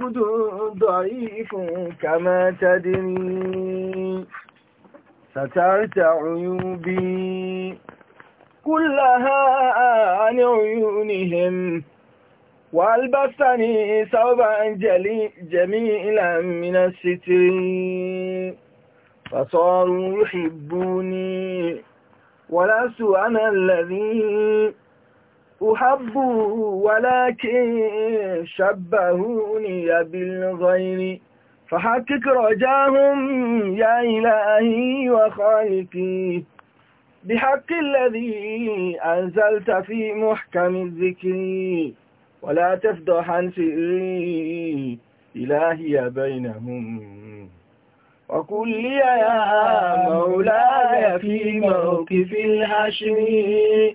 عبد ضعيف كما تدري سترت عيوبي كلها عن عيونهم والبسني ثوبا جميلا من الستر فصاروا يحبوني ولست انا الذي أحبوا ولكن شبهوني بالغير فحقق رجاهم يا إلهي وخالقي بحق الذي أنزلت في محكم الذكر ولا تفضح عن سئري إلهي بينهم وقل لي يا مولاي في موقف الحشر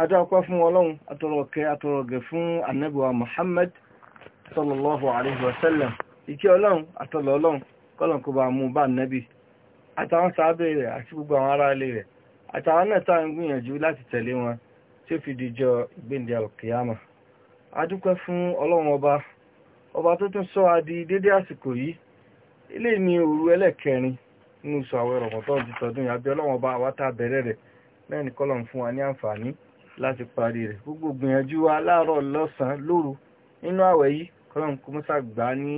adáwọ̀pẹ́ fún ọlọ́run atọ́rọ̀kẹ́ atọ́rọ̀gẹ̀ fún annabuwa muhammad sallallahu alaihi wasallam ìkẹ́ ọlọ́run atọ́lọ̀ ọlọ́run kọ́lọ̀ kó bá mú bá annabi àtàwọn sáábẹ̀ rẹ̀ àti gbogbo àwọn ará ilé rẹ̀ àtàwọn náà tá ń gbìyànjú láti tẹ̀lé wọn tí ó fi dìjọ ìgbéǹde alkiyama adúpẹ́ fún ọlọ́run ọba ọba tó tún sọ adi dédé àsìkò yìí ilé ní láti parí rẹ̀ gbogbo gbìyànjú wa láàárọ̀ lọ́sàn-án lóru nínú àwẹ̀ yìí kọ́lọ̀n kó mọ́sà gbà ní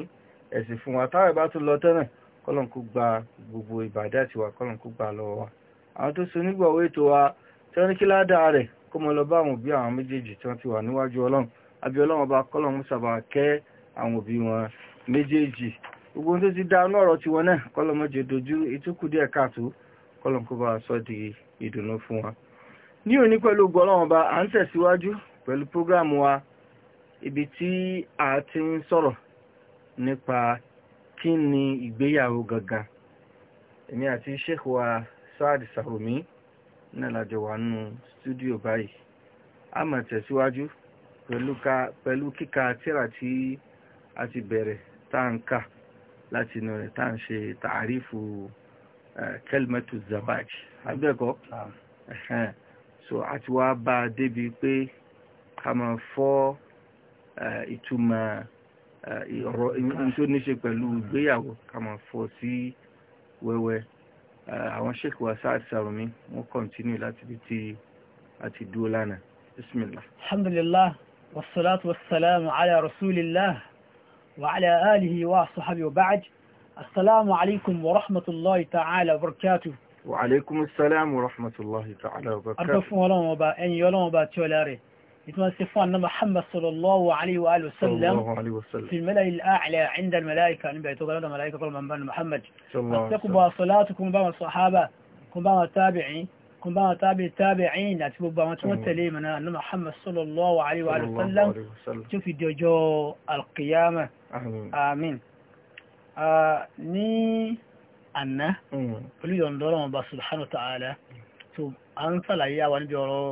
ẹ̀sìn fún wa táwẹ̀ bá tó lọ tẹ́nà kọ́lọ̀n kó gba gbogbo ìbàdí àti wa kọ́lọ̀n kó gbà lọ́wọ́ wa àwọn tó so nígbàwó ètò wa tí wọ́n ní kí ládàá rẹ̀ kó mọ lọ bá àwọn òbí àwọn méjèèjì tí wọ́n ti wà níwájú ọlọ́run àbí ọlọ́run ọba kọ́lọ̀n mọ́sà kẹ́ àwọn òbí wọn méjèèjì gbogbo tó ti dá inú ọ̀rọ̀ tiwọn náà kọ́lọ̀n dojú ìtúkù díẹ̀ káàtó kọ́lọ̀n bá sọ di ìdùnnú fún wa ní òní pẹ̀lú gọ́lọ́wọ́ba à ń tẹ̀síwájú pẹ̀lú prógrámù wa ibi tí a ti ń sọ̀rọ̀ nípa kí ni ìgbéyàwó gangan èmi àti sheikh wa sáàdì sàrùmí náà lájọ wà nínú stúdíò báyìí a máa tẹ̀síwájú pẹ̀lú kíka tíra tí a ti bẹ̀rẹ̀ tá ń kà láti inú rẹ̀ tá ń ṣe tààrífù eh, kẹlmẹ́tù zabaj abẹ́ẹ̀kọ́ so a ti wá bá a débi pé ká máa fọ́ ìtumọ̀ ọ̀rọ̀ ohun tó ní ṣe pẹ̀lú ìgbéyàwó ká máa fọ́ sí wẹ́wẹ́ àwọn sheikh wa sarumi wọ́n kọ́ntínú láti bí ti àti dúró lánàá bismillah. alhamdulillah wasalaatu wasalaamu ala rasulillah wa ala alihi wa sahabi wa ba'd assalamu alaikum wa rahmatullahi ta'ala wa barakatuh wa alaikum salam wa rahmatulahi ta'ala wa barakatuh. adọ́ fún ọlọ́run ọba ẹ̀yìn ọlọ́run ọba tí ọlá rẹ̀ ìtumọ̀ sí fún annabi muhammad sallallahu alaihi wa sallam fi mẹ́lẹ̀ ilẹ̀ àìndà mẹ́láìka níbẹ̀ tó gbọ́dọ̀ àná olùyọ̀ǹdọ́ hmm. ọlọ́run ọba subhanahu ta'ala tó à ń sàlàyé àwa níbi ọ̀rọ̀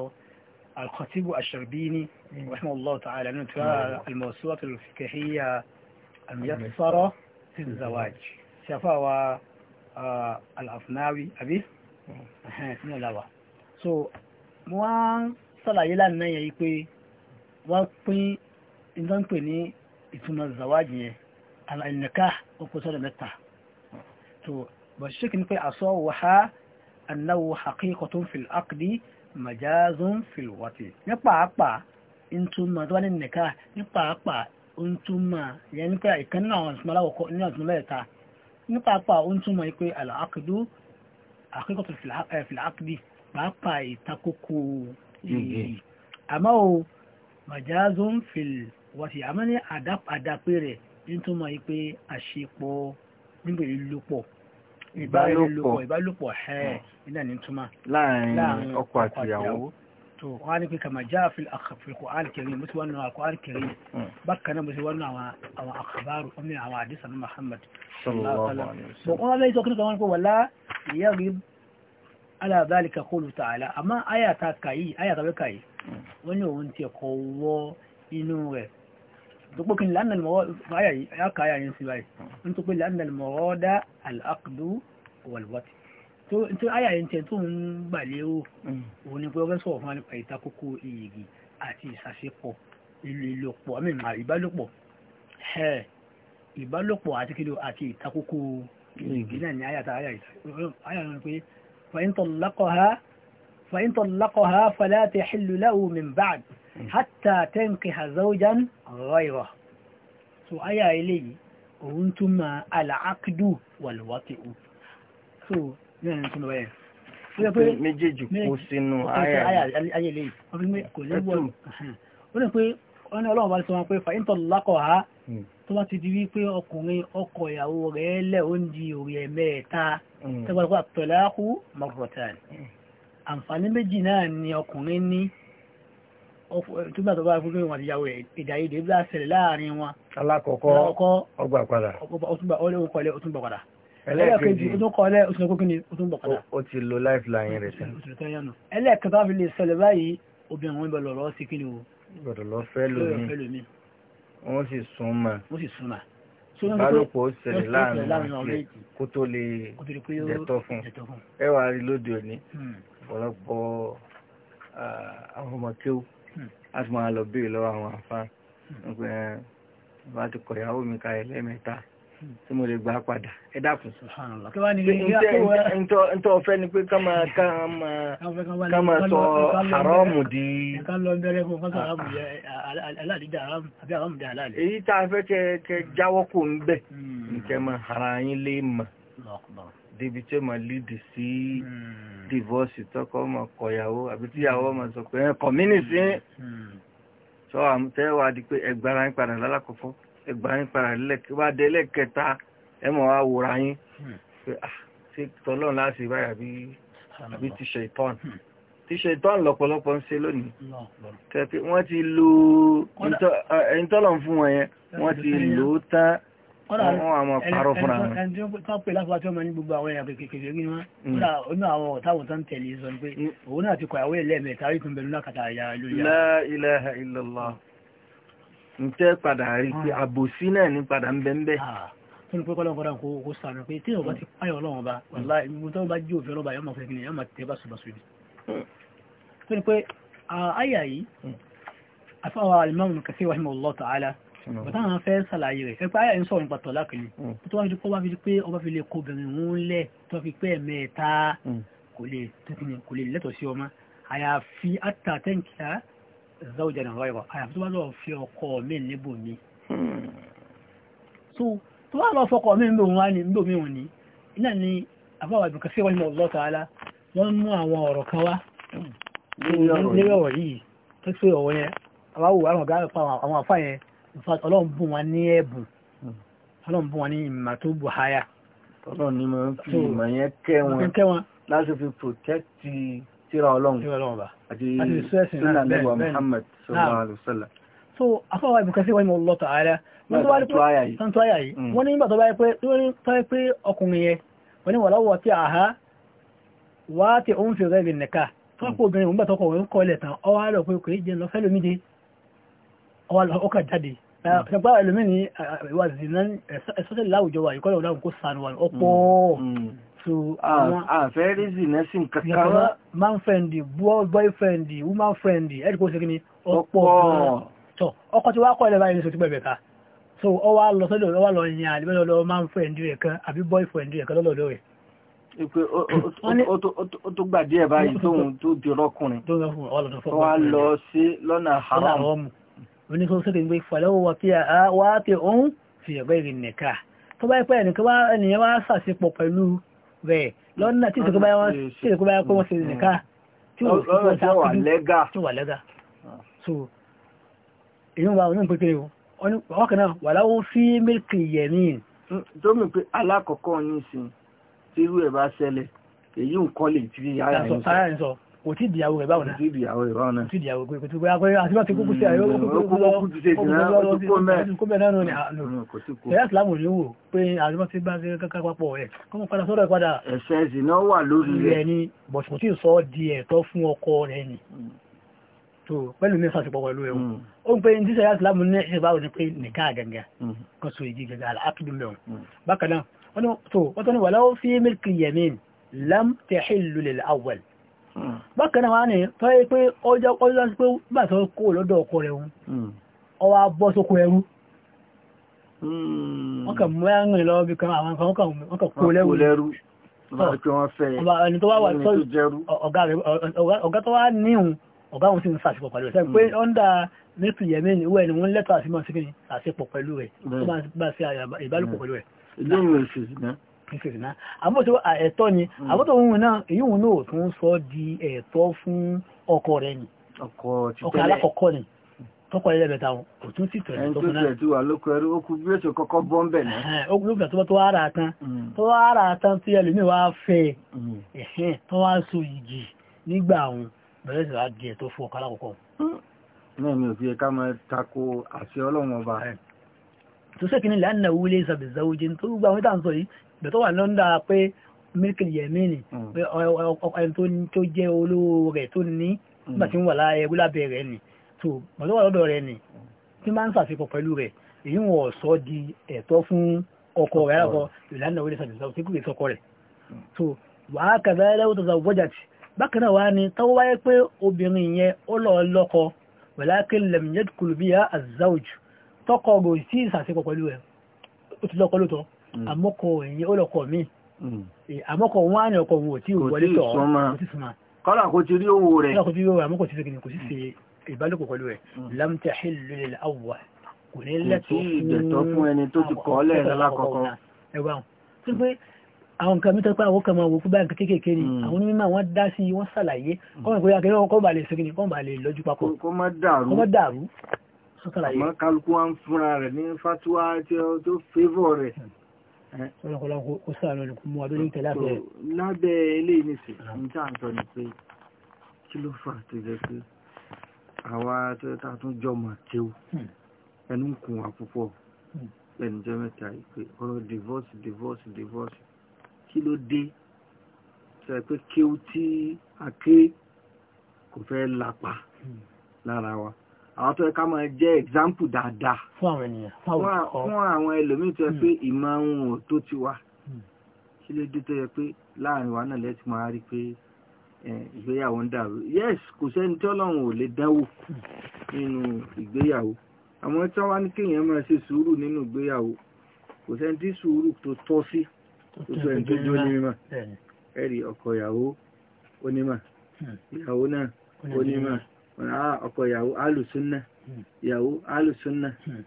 al-Khatib al-Sharbini hmm. rahimahullahu ta'ala nínú tí wọ́n hmm. al-Mawsu'at al-Fiqhiyya al-Muyassara fi zawaj ṣàfà wa al-Afnawi àbí sínú ìlàwà so wọ́n sàlàyé lánàá yẹn pé wọ́n pín ìdánpè ní ìtumọ̀ zawaj yẹn al ó kó sọ́dọ̀ mẹ́ta tó bọ̀ ṣíkì ní pé àṣọ wàhá anáwó àkíkọ̀ tó ń fi àkìdí majazun fil wati ní pàápàá ń túmọ̀ tó wá ní nìka ní pàápàá ń túmọ̀ yẹn ní pé ìkan nínú àwọn ìsúnmọ́ aláwọ̀kọ́ nínú àwọn ìsúnmọ́ ẹ̀ta ní pàápàá ń túmọ̀ yìí pé àkìdú àkíkọ̀ tó o majazun fil wati àmọ́ ní àdápé rẹ̀ ń túmọ̀ yìí pé àṣepọ̀ nígbèrè lópọ̀ ìbálòpọ̀ ìbálòpọ̀ ẹ̀ hmm. iná ní túmọ̀ láàrin ọkọ àti ìyàwó tó wọ́n á ní pé kàmá já àfihàn àkàfihàn alìkẹrin mo ti wọ́n nù àwọn alìkẹrin bákan náà mo ti wọ́n nù àwọn àkàbárò ọmọ àwọn àdìsá ní Muhammad sallallahu alaihi wasallam wọ́n lè sọ kí wọ́n kó wọ́lá ìyá rí alábàálìkà kóòlù tààlà àmọ́ àyàtà kàyí àyàtà wẹ́ kàyí hmm. wọ́n ní òun ti ẹ̀kọ́ wọ inú rẹ̀ tó pé lánà mọ̀rọ́dá al'aqdu walwati tó ayayin tẹ tó ń gbà lérò mm. òun ni pé ọgbẹ́ sọ̀rọ̀ fún ànípa ìtakókò ìyègì àti ìsàṣepọ̀ ìlòpọ̀ àmì ìbálòpọ̀ ìbálòpọ̀ àti kílò àti ìtakókò ìyègì mm-hmm. náà ni ayata ayayin pé fa'intọ̀ lákọ̀ọ́ hátà tẹ́ǹkì hazaujan ghayra so aya eléyìí òun tún máa alàákìdù wàlúwàtí ò so mẹ́rin tún lọ́yẹ̀ méjèèjì kó sínú aya eléyìí ọdún pé kò lẹ́gbọ́n ó ní pé wọ́n ní ọlọ́run bá ti sọ wọn pé fàyíntọ̀ lákọ̀ ha hmm. tó bá ti di wípé ọkùnrin ọkọ ìyàwó rẹ̀ lẹ̀ ó ń di òrì ẹ̀mẹ́ẹ̀ta hmm. tẹ́gbàgbà tọ̀láàkú mọ̀rọ̀tàn hmm. àǹfààní méjì náà ni ọkùnrin ní túgbà tó bá fún fún ìwàdíyàwó rẹ̀ ìdáyédé bí láṣẹlẹ̀ láàrin wọn alákọ̀ọ́kọ́ ọgbà padà ọlẹ́wọ̀kọ́lẹ́ òtúnbà padà ẹlẹ́ẹ̀kejì òtúnkọ́lẹ́ òtúnkọ́kíní òtúnbà padà ó ti lo lifeline rẹ̀ sẹ́ ẹlẹ́ẹ̀kẹta fi lè ṣẹlẹ̀ báyìí obìnrin bẹ̀ lọ̀rọ̀ sí kí ni o gbọ́dọ̀ lọ fẹ́ lómi wọ́n sì súnmọ́ bálòpọ̀ ó ṣẹlẹ̀ láàrin ọ̀rẹ́ kó tó lè jẹ́tọ́ fún ẹwà rí lóde òní hmm. ọ̀pọ̀lọpọ̀ ah, àwọn ọmọ kéwù a tún máa lọ béèrè lọ́wọ́ àwọn àfa pé bá ti kọ̀ ìyàwó mi kalẹ̀ lẹ́ẹ̀mẹ́ta tí mo lè gbà padà ẹ dákun. ntọ́ ọ̀fẹ́ ni pé ká máa sọ haramu di. ká lọ bẹ̀rẹ̀ fún fásitì haramu yẹ aláàdí dà haramu àbí haramu dà aláàdí. èyí tá a fẹ́ kẹ jáwọ́ kò ń bẹ̀ nkẹ́ hmm. máa hara yín lé mà débi tí ó máa lídì sí hmm. divorce tọ́kọ máa kọ̀yàwó àbí tíyàwó máa hmm. sọ pé ẹ̀kọ́ mí nìsí hmm. sọ àmútẹ́wà di pé ẹgbàrá yín padà lálákọ̀ọ́kọ́ ẹgbàrá yín padà wá dé lẹ́ẹ̀kẹta ẹ mọ̀ wá wòrà yín pé ah, ṣe tọ́lọ́run láti báyà bí ti ṣe ìtọ́n ti ṣe ìtọ́n lọ́pọ̀lọpọ̀ ń ṣe lónìí tẹ́ pé wọ́n ti lo ẹni fún wọn yẹn wọ́n ti lò ó tán ǹtẹ́ hmm. hmm. padà rí pé ah. àbòsí náà ní padà ń bẹ́ ń bẹ́ fún ah. pé kọ́lọ́n kọ́lọ́n kó sànà pé tí ọba ti páyọ̀ ọlọ́run bá wàlá ìmú tó bá jí òfin ọlọ́ba yọ́ máa fẹ́ kí ni yọ́ máa tẹ́ bá ṣùgbọ́n ṣùgbọ́n fún pé ah, àyà yìí afáwà hmm. alimami kàfíwà himọ̀ Allah ta'ala bàtàwọn fẹ́ sàlàyé rẹ̀ ẹgbẹ́ ayà ń sọ̀rọ̀ nípa tọ̀lá kìíní tó wá fi kọ́ wá fi pé ọba fi lè kó obìnrin òun lẹ̀ tó fi pé ẹ̀mẹ́ta hmm. kò lè tẹ́kìnì kò lè lẹ́tọ̀ sí ọmọ àyàfi àtàtẹ́ǹkìá záwùjẹ́ náà àyàfi tó wá lọ́ọ́ fi ọkọ mi níbò mi. Hmm. so tó wá lọ́ọ́ fọkọ mi níbò wá ní níbò mi wọ̀n ní iná ni àbáwá ibùkún sí wọn ní Allah Ta'ala wọ́n mú àwọn ọ̀rọ̀ kan wá hmm. nílẹ̀ ọ̀rọ̀ yìí tó ṣe ọ̀rọ̀ yẹn àbáwò àwọn ọ̀gá àwọn àfáà yẹn ọlọ́run bùn wọn ní ẹ̀bùn hmm. ọlọ́run bùn wọn ní ìmọ̀ tó bù háyà. ọlọ́run ni mo ń fi ìmọ̀ yẹn kẹ́ wọn láti fi protẹ́tì tíra ọlọ́run àti sunan nígbà Muhammad sallallahu alayhi wa sallam. so afọwọ́ ìbùkẹ́ sí wọn ni Allah ta'ala tọ́ntọ́ àyà yìí hmm. wọ́n ní nígbà tó bá pé ọkùnrin yẹn wọ́n ní wọ́n lọ́wọ́ tí àhá wá tí òun fi rẹ̀ lè nìka hmm. tọ́pọ̀ obìnrin òun bá ọwọ́ ọkà jáde hmm. ah, ṣẹpá ẹlòmí ní ah, ah, ìwà zina ẹ̀sọ́tẹ̀ láwùjọ wa ìkọ́lẹ̀ ọ̀dà kò sànù wà ọ̀pọ̀ so àwọn àfẹ́rí zina sí kankan wá man friend boyfriend woman friend ẹ̀rí kó segin ní ọ̀pọ̀ tọ̀ ọkọ tí wàá kọ́ ẹ̀lẹ́ báyìí ní sotí pẹ̀pẹ̀ ká so ọwọ́ lọ sọ́dọ̀ ọwọ́ lọ yẹn àdìbẹ́ lọ́dọ̀ man friend rẹ̀ kan àbí boyfriend rẹ̀ kan lọ́dọ̀ rẹ̀ ìpé ó tó gbà díẹ̀ báyìí tóun tó di ọlọ́kùnrin tó wá lọ sí lọ́nà haram oníkọ́sọ́ ti gbé fàlọ́wọ́ wà pé òun fi ọ̀gọ́ ìrìn nìka tó bá pẹ́ ẹnìyàn wá sàṣepọ̀ pẹ̀lú rẹ̀ lọ́nà tí ìṣẹ́kọ́ báyá wọ́n ṣe nìka tí ó wà lẹ́gà ah. so èyàn wà ní pẹ́kẹ́ ọkànà wà láwọ́ fí mílkì yẹ̀mín tó mú pé alákọ̀ọ́kọ́ yìí sí tí irú ẹ̀ bá kò tí ìdíyàwó rẹ̀ báwọn náà kò tí ìdíyàwó rẹ̀ báwọn náà kò tí ìdíyàwó rẹ̀ kò tí ìdíyàwó rẹ̀ àti bá ti kúkú sí àyẹ̀wò kúkú lọ kúkú sí kúmẹ̀ náà ní àná ẹ̀yà ìsìlámù ní wò pé àti bá ti bá ti kankan papọ̀ ẹ̀ kọ́ mọ̀ padà sọ́dọ̀ padà ẹ̀sẹ̀ ẹ̀sìn náà wà lórí rẹ̀ ni bọ̀sùn tí sọ di ẹ̀tọ́ fún ọkọ rẹ̀ ni tó pẹ̀lú mi sàṣepọ̀ pẹ̀lú ẹ̀wọ̀n ó ń pe ní sísẹ̀ ìsìlámù ní ẹ̀sẹ̀ báwo ni pé nìkan bákan náà wá ní tó yẹ pé ọjọ́ ọjọ́ sí pé bá sọ kó lọ́dọ̀ ọkọ rẹ̀ hun ọwọ́ hmm. abọ́ sókò ẹrú hmm. wọ́n kà mú ẹ́rìn lọ bí kan àwọn nǹkan wọ́n kà kó lẹ́rú ọ̀gá tó wá níhun ọ̀gá òun sì ń sàṣepọ̀ pẹ̀lú rẹ̀ pé ọ́ndà mẹ́tù yẹ̀mí ni wọ́n ẹni wọ́n lẹ́tọ̀ àti mọ́ sí kí ni àṣepọ̀ pẹ̀lú rẹ̀ tó bá ṣe ìbálòpọ̀ hmm. pẹ̀lú rẹ̀ kìkìrì náà àbótó ẹ̀tọ́ ni mm. àbótó òun náà èyí òun náà tún sọ di ẹ̀tọ́ fún ọkọ rẹ̀ ni ọkọ alákọ̀ọ́kọ́ ni tọ́kọ ẹlẹ́bẹ̀ta kò tún sì tẹ̀lé tó fún náà ẹni tó tẹ̀ tí wà lóko ẹrú ó kú bí ètò kọ́kọ́ bọ́ ń bẹ̀ náà ó kú lókè tó wá ara tán mm. tó wá ara tán tí ẹlòmíì wá mm. bẹ̀rẹ̀ sì wá ẹ̀tọ́ fún ọkọ alákọ̀ọ́kọ́ náà mi ò fi ẹka máa àṣẹ ọlọ́run ọba rẹ̀. tó sẹ́kìnnì lánàá wúlé ìsàbẹ̀sáwójì tó gbà wọ́n tà ń sọ yìí bẹ̀tọ́ wà lọ́ndà pé mílíkì yẹ̀mínì hmm. ẹni tó jẹ́ olówó rẹ̀ tó ní hmm. nígbà tí ń wà ẹrú lábẹ́ rẹ̀ ni tó bẹ̀tọ́ wà lọ́dọ̀ rẹ̀ ni tí máa ń ṣàfikọ̀ pẹ̀lú rẹ̀ èyí wọ̀ sọ di ẹ̀tọ́ fún ọkọ rẹ̀ àkọ́ ìlànà orí sàbẹ̀sọ̀ tí kò lè sọkọ rẹ̀ tó hmm. wà á kàdá ẹlẹ́wọ̀ tó sàwọ́jà tì bákan náà wá ni tọ́wọ́ wáyé pé obìnrin yẹn ó lọ lọ́kọ tọkọ gò sí ìsàsíkọ̀ pẹ̀lú ẹ̀ ó ti lọ́kọ lóòótọ́ Mm. àmọ́kọ̀ ẹ̀yìn ọlọ́kọ̀ mi mm. àmọ́kọ̀ wọn á ní ọkọ̀ wọn ò tí wọlé tọ̀ ọ́ ti súnmọ́ kọ́lá kò ti rí owó rẹ̀ kọ́lá kò ti rí owó rẹ̀ àmọ́kọ̀ ti fi kò sí ṣe mm. ìbálòpọ̀ pẹ̀lú rẹ̀ lam tahillu lil awwal kò ní lẹ́tọ̀ọ́ fún ẹni tó ti kọ́ lẹ́ẹ̀ lákọ̀ọ́kọ́ ẹ̀wọ̀n tó pé àwọn nǹkan kọ́ bà lè sẹ́kìnì kọ́ kálukú wa ń fúnra rẹ̀ ní fatuwa tí ó fẹ́vọ̀ ọlọ́kọ̀ọ́lá kó sáà lọ́nà kó mú wa lórí ìtẹ̀lá fẹ́. lábẹ́ ilé ìníṣẹ́ ní tí à ń sọ ni pé kí ló fà tó jẹ́ pé àwa tó ta tún jọmọ kéwù hmm. ẹnu ń kun wa púpọ̀ lẹ́nu hmm. jẹ́ mẹ́ta yìí pé ọ̀rọ̀ divorce divorce divorce kí ló dé sọ pé kéwù tí a ké kò fẹ́ lápa hmm. lára wa àwọn tó yẹ ká máa jẹ́ example dáadáa fún àwọn ẹlòmíì tó yẹ pé hmm. ìmọ̀ ohun ò tó ti wá hmm. kí ló dé tó yẹ pé láàrin wa náà lẹ́tí máa rí pé ìgbéyàwó ń dàrú yes kò sẹ́ni tí ọlọ́run ò lè dánwò nínú ìgbéyàwó àwọn tí wọ́n wá ní kéèyàn máa ṣe sùúrù nínú ìgbéyàwó kò sẹ́ni tí sùúrù tó tọ́ sí tó sọ ẹni tó jó ní mímọ̀ ẹ̀rí ọkọ ìyàwó onímọ̀ hmm. ìyàwó náà onímọ̀ Ah, ọkọ ìyàwó alùsúnnà hmm. ìyàwó alùsúnnà hmm.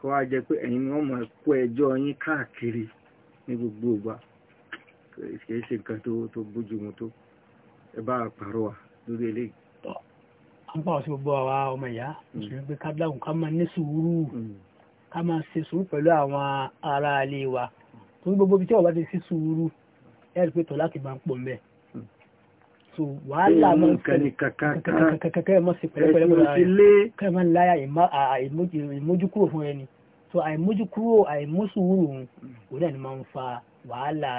kọ́ wá jẹ pé ẹ̀yin wọ́n mọ̀ kó ẹjọ́ yín káàkiri ní gbogbo ìgbà kìí ṣe nǹkan tó bójú mu tó ẹ bá pàrọ̀ lórí eléyìí. ń gbogbo àwa ọmọ ìyá hmm. mùsùlùmí pé kábíláàkùn ká máa ní sùúrù ká máa ṣe sùúrù pẹ̀lú àwọn ará ilé wa torí gbogbo ibi tí ti ṣe sùúrù pé tọ́lá ti máa ń pọ̀ mẹ́ẹ̀. so wàhálà máa ń fẹ́ kẹ́kẹ́kẹ́ ẹ̀ mọ́ sí pẹ̀lẹ́pẹ̀lẹ́ kẹ́ẹ̀ máa ń láyà ìmójúkúrò fún ẹni so àìmójúkúrò àìmósùwúrò òun òun náà ni máa ń fa wàhálà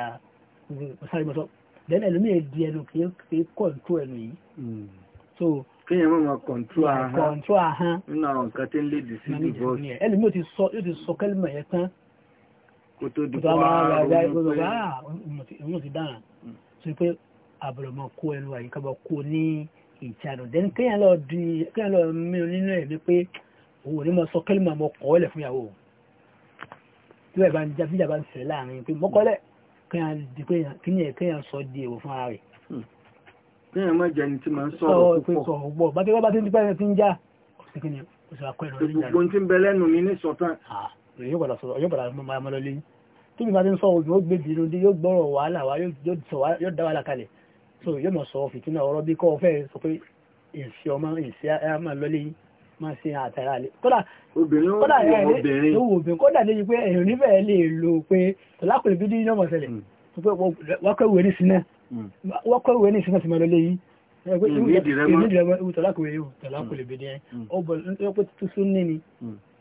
sáré mọ́tọ́ lẹ́nu ẹlòmíì di ẹnu kì í kọ̀ǹtó ẹnu yìí so kéèyàn máa ma kọ̀ǹtó ahán kọ̀ǹtó ahán nínú àwọn nǹkan tí ń lédi sí divorce ẹlòmíì yóò ti sọ yóò ti sọ kẹ́lìmọ̀ yẹn tán kó tó di kó ara ronú pé àbọ̀lọ̀mọ̀ kó ẹnu àyíkábọ̀ kó ní ìjánu dẹ́ni kéèyàn lọ di kéèyàn lọ mìíràn nínú ẹ̀ wípé òun ò ní mọ sọ kẹ́lìmọ̀ mọ kọ́ ọ́lẹ̀ fún ìyàwó tí wọ́n bá ń já bíjà bá ń sẹ̀ láàrin pé mọ́kọ́lẹ̀ kéèyàn di kéèyàn sọ di èèwọ̀ fún ara rẹ̀. Hmm. kéèyàn má jẹni tí máa ń sọ̀rọ̀ púpọ̀ sọ̀rọ̀ púpọ̀ bá ti wá bá ti ń dípẹ́ ẹni tí ń já kò sí kíni kò sí akọ ẹ̀rọ níjà rẹ̀. gbogbo ti ń bẹ lẹ́nu mi ní sọ̀tàn. yóò padà sọ̀rọ̀ yóò padà mọ́ máa mọ́ lọ lé so yóò mọ̀ sọ fìtínà ọ̀rọ̀ bí kọ́ ọ fẹ́ sọ pé èsì ọmọ èsì àmà lọ́lé yìí máa ṣe àtàrà lè kódà obìnrin kódà obìnrin kódà lè yí pé ẹ̀yìn onífẹ́ lè lò pé tọ́lákùnrin bí dín yọmọ̀ ṣẹlẹ̀ hmm. wákọ̀wé ní sinẹ́ hmm. wákọ̀wé ní sinẹ́ ti máa lọ́lé yìí hmm, ìwé ìdìrẹ́mọ́ tọ́lákùnrin bí dín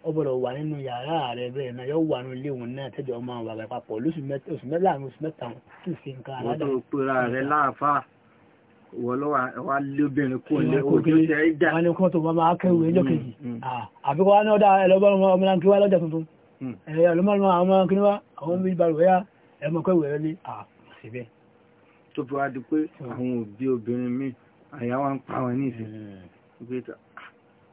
ó gbọ́dọ̀ wà nínú yàrá rẹ̀ bẹ́ẹ̀ náà yóò wà nínú ilé òun náà tẹ́jọ́ ọmọ àwọn àgbà papọ̀ lóṣù mẹ́ta oṣù mẹ́ta kì í ṣe nǹkan aládàá. wọ́n tó pera rẹ̀ láàfáà wọ́n ló wá lóbìnrin kò lé ojúṣe ìjà. wọ́n ní kó tó máa kẹ́rù mm, ẹjọ́ kejì mm, mm. ah, àbíkọ́ wa ní ọ̀dà ẹlọ́gbọ́n ọmọ náà kí wá lọ́jà tuntun ẹ̀yà ọlọ́mọ àwọn ọmọ kí ni wá àwọn bí balùwẹ̀ yá ẹmọ kẹ́wẹ̀ rẹ ní ah, àṣìbẹ̀. tó fi wá di pé àwọn òbí obìnrin míì àyà wa ń pa wọn ní ìsìn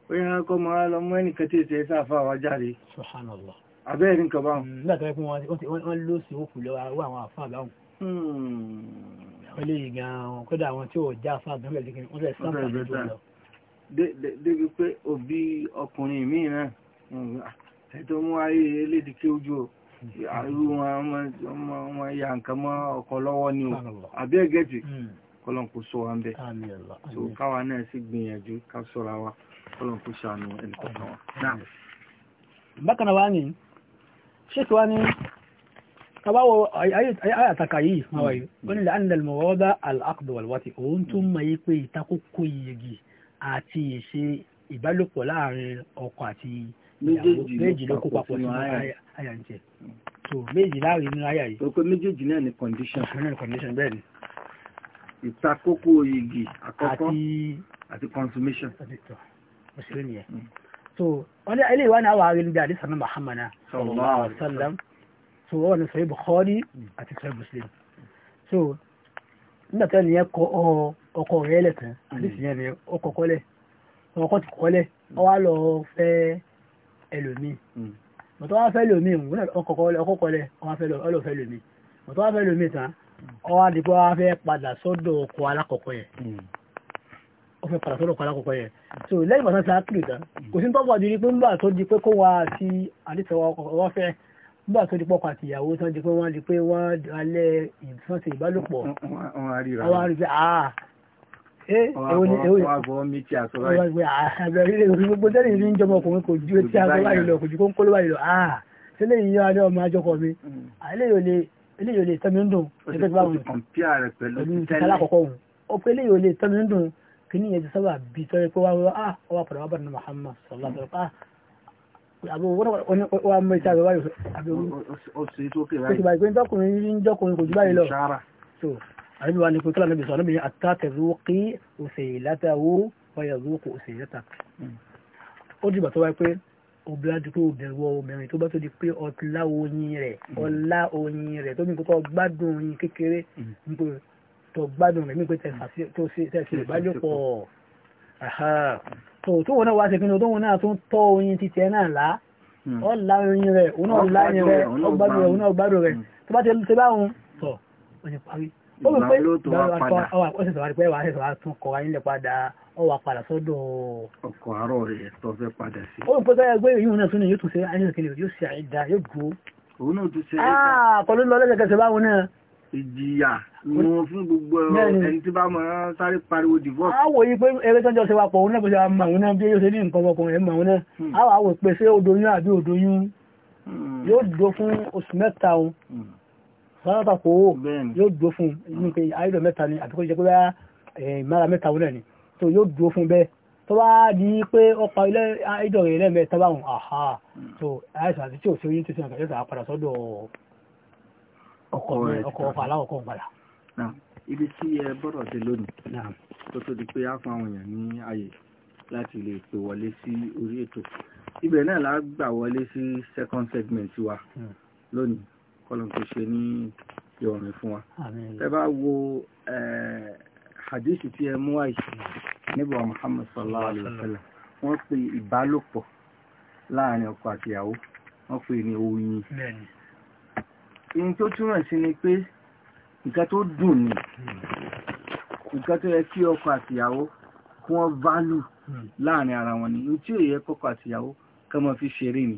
ó yẹ kọ́ máa lọ mọ́ ẹnìkan tí ìṣẹ́ sáfà wá jáde Subhanallah abẹ́ ẹ̀rí nǹkan báwọn. nígbà tó yẹ kí wọ́n ló sí òkú lọ́wọ́ àwọn àwọn àfáà báwọn. Hmm. wọ́n lè yìí gan-an kódà àwọn tí ò já àfáà bẹ́ẹ̀ lè wọ́n fẹ́ sáfà tó lọ. débi pé òbí ọkùnrin mi náà ẹ̀tọ́ ah, mú ayé eléyìí àrú ọmọ ya nǹkan mọ́ ọkọ̀ lọ́wọ́ ni o àbí ẹ̀gẹ́tì hmm. kọ́lọ́n kò sọ wa ń bẹ̀. so náà sì gbìyànjú ká sọ̀rọ̀ wa ọlọ́run kó ṣàánú ẹnìkọ̀ọ̀kan wa. bákan wa ni ṣéèkì wa ni tabawo ayataka yìí máa wáyé mm. ó ní láàrín ìlmọ̀wọ́dá al-aqd wal-wati òun tún mọ̀ yí pé ìtakókò iyegi àti ìṣe ìbálòpọ̀ láàrin ọkọ àti ìyàwó méjì ló kó papọ̀ sínú àyà ń jẹ so méjì láàrin nínú àyà yìí. pé méjèèjì mùsùlùmí yẹn hmm. so wọ́n ilé ìwà náà wà á rí níbi àdìsá náà mahamana sallallahu alaihi wasallam so wọ́n ní sọ Bukhari àti sọ mùsùlùmí so nígbà tí wọ́n yẹn kọ ọkọ rẹ̀ lẹ̀ tán hmm. àdìsí yẹn ni ọkọ kọ́lẹ̀ ọkọ ti kọ́lẹ̀ ọ wá lọ fẹ́ ẹlòmíì mọ̀tọ́ hmm. wá fẹ́ lòmíì ọkọ kọ́lẹ̀ ọ lọ fẹ́ lòmíì mọ̀tọ́ wá fẹ́ lòmíì tán ọ wá dìgbò wá fẹ́ padà sọ́dọ̀ ọkọ alákọ̀ọ́kọ́ yẹn ọ̀fẹ́ pàràfẹ́rọ̀ padà kọ̀kọ́ yẹn so lẹ́yìn bàtà tí a kìlì tán kò sí tọ́pọ̀ àdìrí pé ńgbà tó di pé kó wa àti àdìsẹ́ wa ọkọ̀ fẹ́ ńgbà tó di pọ̀ àti ìyàwó tán di pé wọ́n di pé wọ́n alẹ́ ìfọ́nsẹ̀ ìbálòpọ̀ àwọn àrùbẹ́ àá èwo ni èwo ni àbẹ̀rẹ̀ ah, gbogbo tẹ́lẹ̀ ìrìn jọmọ ọkùnrin kò ju etí aago báyìí lọ kò ju kóńkó ló báyìí lọ àá ah, sílẹ̀ yìí yára ní ọmọ àjọkọ̀ mi mm. ah, eléyìí ò lè tẹ́mi ń dùn kí ni ẹjọ́ sábà bí tọ́ ẹ pé wá wá ah, wá padà wá bá nínú Muhammad sallallahu alaihi wasallam ah, àbò wọ́n wá mọ ìta àbẹ̀wá yóò àbẹ̀ òṣèlú ìjọkùnrin rí ìjọkùnrin kò jù so àbẹ̀wá ni kò kílà níbi sọ̀rọ̀ níbi àtàkẹ̀rúkí òṣèlátàwó wáyàrúkú òṣèlátà ó dìgbà tó wáyé pé obìnrin tó bẹ̀rù obìnrin tó bá tó di pé ọlá oyin tó gbádùn rẹ̀ nígbé tẹ̀sí ìbálòpọ̀ tó wọ́n náà wá sẹ́kínú tó wọ́n náà tún tọ́ oyin títẹ̀ náà lá ọ́ hmm. lá oyin rẹ̀ òun náà lá oyin rẹ̀ ọgbádùn rẹ̀ òun náà gbádùn rẹ̀ hmm. tó bá ti bá òun tọ̀ ó ti parí ó mọ̀ pé ó sì sọ̀rọ̀ pé wàá sì sọ̀rọ̀ tún kọ̀ ayílẹ̀ padà ó wà padà sọ́dọ̀ ọkọ̀ àárọ̀ rẹ̀ tó fẹ́ padà sí. ó mọ̀ pé sọ́yà gbé ìyún náà tún ní yóò tún ṣe ayélujára kìnìún yóò ṣe àìdá yóò gbó. òun náà tún ṣe é. Ah, kọ̀lú lọ lẹ́sẹ̀kẹsẹ̀ báwọn náà. ìjìyà mo fún gbogbo ẹni tí bá mọ̀ sáré pariwo divorce. a wòye pé eré tọ́jọ́ ṣe wapọ̀ òun náà bó ṣe wà náà bí yóò ṣe ní nǹkan ọkùnrin ẹ̀ mọ̀ náà hmm. a wò pé ṣé odoyún àbí odoyún hmm. yóò dó fún oṣù mẹ́ta o sọ́dọ̀tà hmm. kò ó yóò dó fún inú pé ayédọ̀ mẹ́ta ni àbíkó jẹ́ pé eh, ìmára mẹ́ta òun ni tó yóò dó fún bẹ́ẹ̀ tó bá di pé ọpa ilé ayédọ̀ rẹ̀ ọkọ̀ ọkọ̀ aláwọ̀ kan náà ibi tí ẹ bọ́rọ̀ dé lónìí náà tó tó di pé á fún àwọn èèyàn ní ààyè láti lè pè wọlé sí orí ètò ibẹ̀ náà la gbà wọlé sí second segment wa hmm. lónìí kọ́lọ́n tó ṣe ní ìrọ̀rùn fún wa ẹ bá wo hadith tí ẹ mú wáyé níbo Muhammad sallallahu alaihi wa sallam wọ́n pe ìbálòpọ̀ láàrin ọkọ àtìyàwó wọ́n pe ní oyin. ìyìn tó túmọ̀ sí ni pé nǹkan tó dùn ni nǹkan tó yẹ kí ọkọ àtìyàwó kí wọ́n válù láàrin ara wọn ni tí ò yẹ kọ́kọ́ àtìyàwó kọ́ mọ́ fi ṣeré ni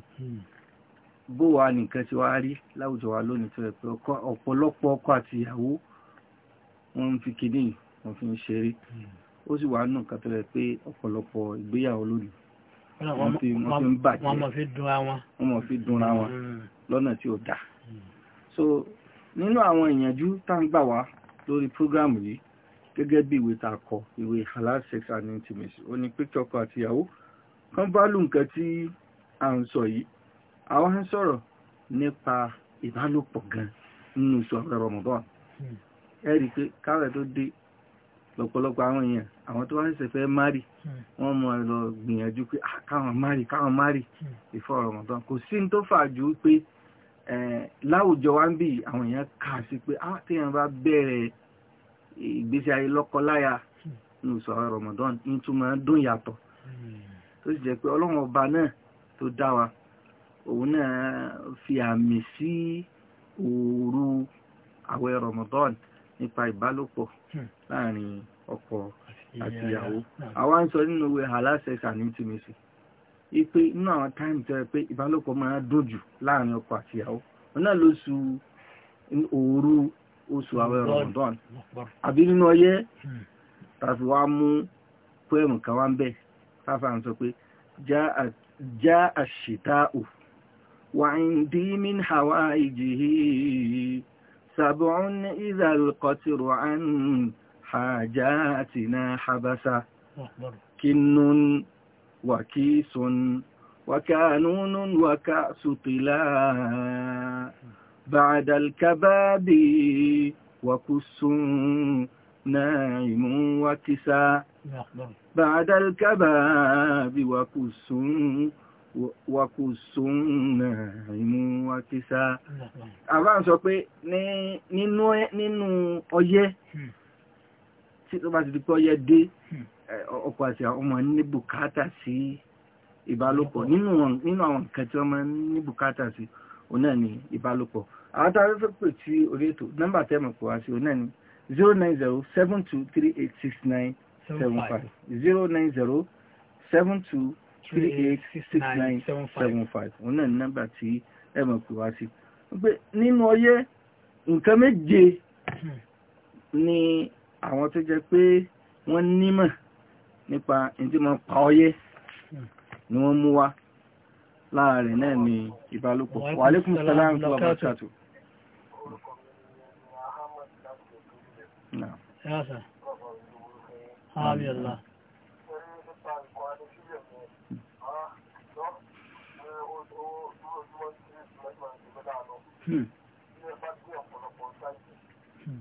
bó wà nìkan tí wá rí láwùjọ wa lónìí tó yẹ pé ọ̀pọ̀lọpọ̀ ọkọ àtìyàwó wọ́n ń fi kìdí wọ́n fi ń ṣeré ó sì wà nù kan tó yẹ pé ọ̀pọ̀lọpọ̀ ìgbéyàwó lónìí wọ́n fi ń bàjẹ́ wọ́n mọ̀ fi dunra wọn hmm. lọ́nà tí ò dáa hmm. so nínú àwọn ìyànjú tá ń gbà wá lórí prógrámù yìí gẹ́gẹ́ bí ìwé ta kọ ìwé halal sex and intimacy ó ní píkítọ̀ ọkọ àtìyàwó kan bá lù nǹkan tí à ń sọ yìí àwa ń sọ̀rọ̀ nípa ìbálòpọ̀ gan nínú oṣù ọ̀rọ̀ Ramadan hmm. ẹ rí i pé káwẹ̀ tó dé lọ́pọ̀lọpọ̀ àwọn èèyàn àwọn tó wá ṣẹ̀ṣẹ̀ fẹ́ mari hmm. wọ́n mọ̀ lọ gbìyànjú pé ah, káwọn mari káwọn mari ìfọ̀ hmm. Ramadan kò sí ní tó fà ju pé láwùjọ wa ń bì àwọn èèyàn kà sí pé á ah, téèyàn bá bẹ̀rẹ̀ ìgbésí ayé lọ́kọláya ní oṣù Ramadan ní túnmọ̀ dún yàtọ̀ tó sì jẹ́ pé ọlọ́run ọba náà tó dá wa Ramadan nípa ìbálòpọ̀ láàrin ọkọ àti ìyàwó hmm. àwa ń sọ nínú ìwé ipe nnọọ time táìmù tó yẹ ma ìbálòpọ̀ máa ọkọ àti ìyàwó wọn náà lóṣù òru oṣù àwẹ̀ Ramadan àbí nínú ọyẹ́ tàbí wàá mú pẹ́ẹ̀mù kan wá ń bẹ̀ káfà ń min hawa ìjìhì sàbọ̀n ìzàlùkọtìrò àn وكيس وكانون وكأس طلاء بعد الكباب وكس ناعم وكسا بعد الكباب وكس وكس ناعم وكسا àbá ń sọ pé nínú ọyẹ́ tí tó bá ti di pé ọyẹ dé hmm. ọkọ àti àwọn ọmọ ní bùkátà sí ìbálòpọ̀ nínú àwọn nǹkan tí wọ́n máa ń ní bùkátà sí òun náà ni ìbálòpọ̀ àwọn tá a fẹ́ pè tí orí ètò nọ́mbà tẹ́mọ̀ pọ̀ wá sí òun náà ni zero nine zero seven two three eight six nine seven five zero nine zero seven two three eight six nine seven five òun náà ni nọ́mbà tí ẹ mọ̀ pé wá sí. pé nínú ọyẹ́ nǹkan méje hmm. ni àwọn tó jẹ́ pé wọ́n nímọ̀ nípa ìdí mọ́ pa ọyẹ́ ni wọ́n mú wá lára rẹ̀ náà ni ìbálòpọ̀ wa alaikum salaam tó wà bá ṣàtò Hmm. hmm.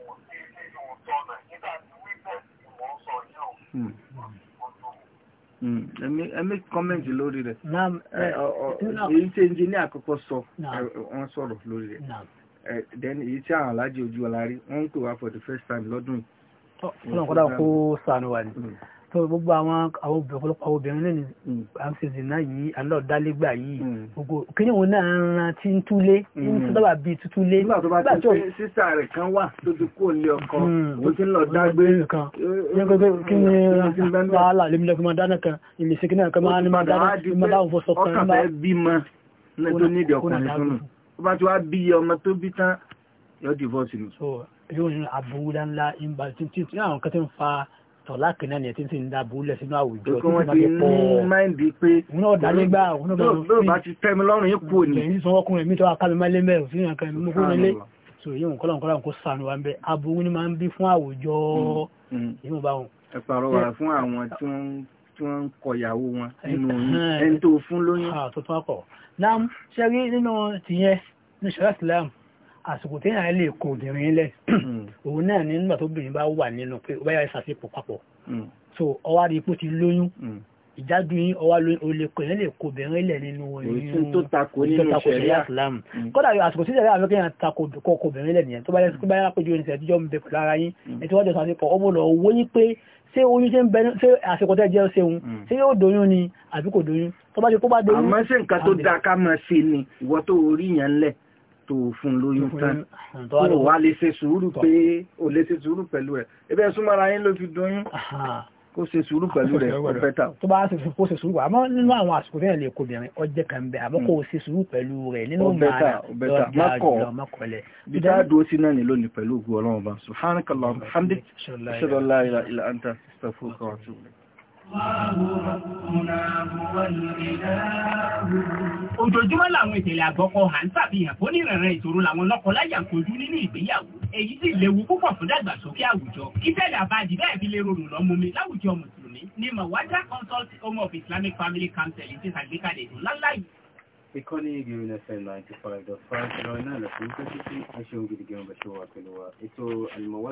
Hmm. Hmm. ẹ make comment lórí rẹ̀ eh, èyí tí engineer àkọ́kọ́ sọ wọ́n sọ̀rọ̀ lórí rẹ̀ then èyí tí àwọn alájẹ ojú ọlárí wọ́n ń pè wá for the first time lọ́dún yìí. ọlọ́run kọ́dà kó sànù wà ní tó gbogbo àwọn àwọn ọ̀pọ̀lọpọ̀ obìnrin lẹ́nu àǹsìsì náà mm, yìí alọ́ọ̀dálégbà yìí mm. gbogbo kíní òun náà ń ran tí ń túlé ń mm. sábà bíi tútúlé. nígbà tó bá ti ṣe sísà rẹ̀ kan wà tó ti kó lé ọkọ tó ti ń lọ dágbé. kí ni wàhálà lèmi lọ́kùnrin máa dáná kan ìmìsí kí náà kan máa ní máa dáná máa dáhùn fọ́sọ̀ kan. ọkàn fẹ́ bímọ náà tó nídìí ọkùnrin sọ́nà tó bá ti wá bí ọmọ tó bí tán yóò divorce ni. yóò ní àbúrò ńlá ìbàdí tí àwọn kan ti ń fa tọ̀láàkì náà nìyẹn tí ń sì ń da búlẹ̀ sínú àwùjọ tí wọ́n ti pọ̀ máìndì pé ní ọ̀dà nígbà bá ti tẹ́mi lọ́rùn yìí kú òní. èyí sanwó ọkùnrin mi tó wá kámi máìlé mẹ́rin sí ìrìnàkà mi mú fún so yìí nǹkan lọ́nkọ́ lọ́nkọ́ sànù wa ń bẹ aburú ni máa ń bí fún àwùjọ mm, mm. yìí bá wọn. ẹ pàrọ̀ wà fún àwọn tí wọ́n ń kọyàwó wọn nínú ẹni tó fún lóyún. tuntun akọ náà ṣe rí nínú tìyẹn ní ṣọlá ìsìlámù àsìkò tí yàrá lè kó obìnrin lẹ̀ hmm. òun náà ní nígbà tó obìnrin bá wà nínú pé ó bá yàrá ìsàsípò papọ̀ hmm. so ọwá rí ipò ti lóyún hmm. ìjádùn yín ọwá olè kò yẹn lè kó obìnrin lẹ̀ nínú oyún tó takò nínú sẹ̀ríà Islam kódà àsìkò tí sẹ̀ríà àfikẹ́ yẹn takò kó obìnrin lẹ̀ nìyẹn tó bá yẹ kó bá yàrá péjú oníṣẹ́ ìjọ ń bẹ pẹ̀lú ara yín ètò wájú ìsàsípò ọmọ lọ owó yín pé ṣé oyún ṣe ń bẹ ṣé àsìkò tẹ́ jẹ́ ṣeun ṣé yóò doyún ni àbí kò doyún tó bá ṣe kó bá doyún. àmọ́ ṣé nǹkan tó dáa ká máa ṣe ni ìwọ tó orí yẹn ń lẹ̀ tó fún lóyún tán tó wá lè ṣe sùúrù pé o lè ṣe sùúrù pẹ̀lú rẹ̀ ẹbẹ́ súnmọ́ra yín ló fi dóyún kó ṣe sùúrù pẹ̀lú rẹ̀ pẹ̀pẹ̀ta. tó bá ṣe kó ṣe sùúrù àmọ́ nínú àwọn àsìkò bẹ́ẹ̀ lè kó bìnrin ọjẹ́ kan bẹ́ẹ̀ àmọ́ kó hmm. ṣe sùúrù pẹ̀lú rẹ̀ nínú màá lọ́jà àjọ mọ́kànlẹ̀. Ojoojúmọ́ làwọn ìṣẹ̀lẹ̀ àgbọ́kọ̀ hàn ṣàfihàn fún ìrìnrìn ìṣòro làwọn lọ́kọláya ń kojú nínú ìgbéyàwó. Èyí sì léwu púpọ̀ fún dàgbàsókè àwùjọ. Ìṣẹ̀lẹ̀ àbájì bẹ́ẹ̀ fi lè rorùn lọ́mọmi láwùjọ Mùsùlùmí ní Mawada Consult Home of Islamic Family Counseling ti ṣàgbékalẹ̀ ìlú láláyé. Ìkọ́ni ìgbìmọ̀ ẹ̀fẹ̀ 95.5 lọ́nà lọ́kùnrin tó ti ṣe àṣẹ ògidì gẹ̀rùn